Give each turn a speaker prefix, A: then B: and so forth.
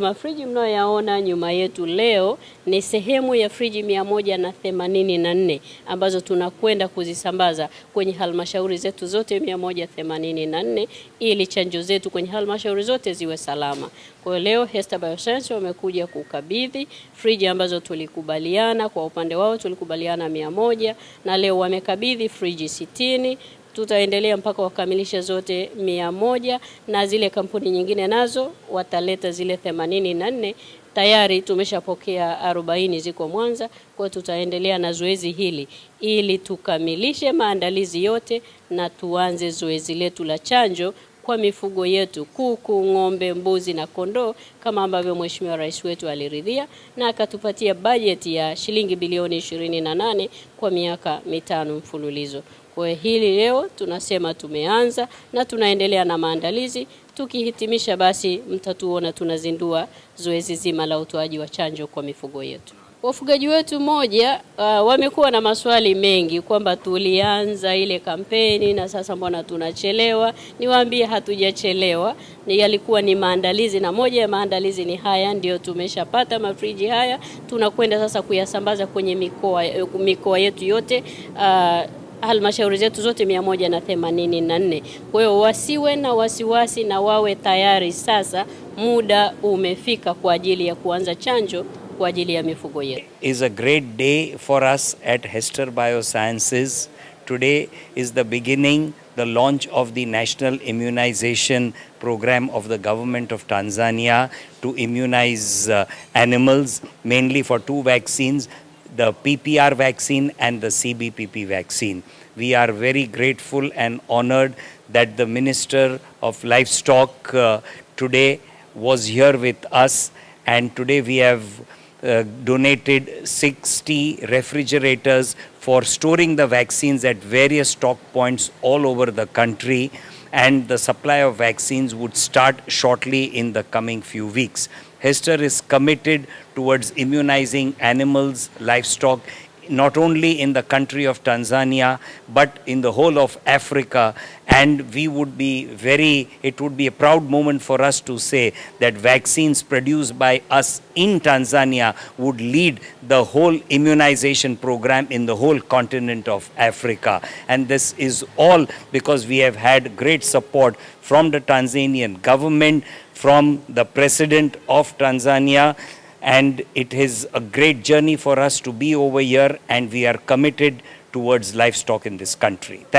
A: Mafriji mnayoyaona nyuma yetu leo ni sehemu ya friji 184 ambazo tunakwenda kuzisambaza kwenye halmashauri zetu zote 184 ili chanjo zetu kwenye halmashauri zote ziwe salama. Kwa leo Hesta Bioscience wamekuja kukabidhi friji ambazo tulikubaliana, kwa upande wao tulikubaliana 100 na leo wamekabidhi friji sitini tutaendelea mpaka wakamilishe zote mia moja na zile kampuni nyingine nazo wataleta zile themanini na nne tayari tumeshapokea arobaini ziko Mwanza. Kwa tutaendelea na zoezi hili ili tukamilishe maandalizi yote na tuanze zoezi letu la chanjo kwa mifugo yetu kuku, ng'ombe, mbuzi na kondoo kama ambavyo Mheshimiwa Rais wetu aliridhia na akatupatia bajeti ya shilingi bilioni 28 kwa miaka mitano mfululizo. Kwa hili leo tunasema tumeanza na tunaendelea na maandalizi. Tukihitimisha basi mtatuona tunazindua zoezi zima la utoaji wa chanjo kwa mifugo yetu. Wafugaji wetu moja, uh, wamekuwa na maswali mengi kwamba tulianza ile kampeni na sasa mbona tunachelewa? Niwaambie, hatujachelewa, ni yalikuwa ni maandalizi, na moja ya maandalizi ni haya, ndio tumeshapata mafriji haya, tunakwenda sasa kuyasambaza kwenye mikoa, mikoa yetu yote uh, halmashauri zetu zote 184. Kwa hiyo wasiwe na wasiwasi na wawe tayari sasa, muda umefika kwa ajili ya kuanza chanjo. kwa ajili ya mifugo yetu.
B: Is a great day for us at Hester Biosciences. Today is the beginning the launch of the national immunization program of the government of Tanzania to immunize uh, animals mainly for two vaccines the PPR vaccine and the CBPP vaccine. We are very grateful and honored that the Minister of Livestock uh, today was here with us, and today we have uh, donated 60 refrigerators for storing the vaccines at various stock points all over the country and the supply of vaccines would start shortly in the coming few weeks. Hester is committed towards immunizing animals, livestock not only in the country of Tanzania, but in the whole of Africa. And we would be very, it would be a proud moment for us to say that vaccines produced by us in Tanzania would lead the whole immunization program in the whole continent of Africa. And this is all because we have had great support from the Tanzanian government, from the president of Tanzania and it is a great journey for us to be over here and we are committed towards livestock in this country.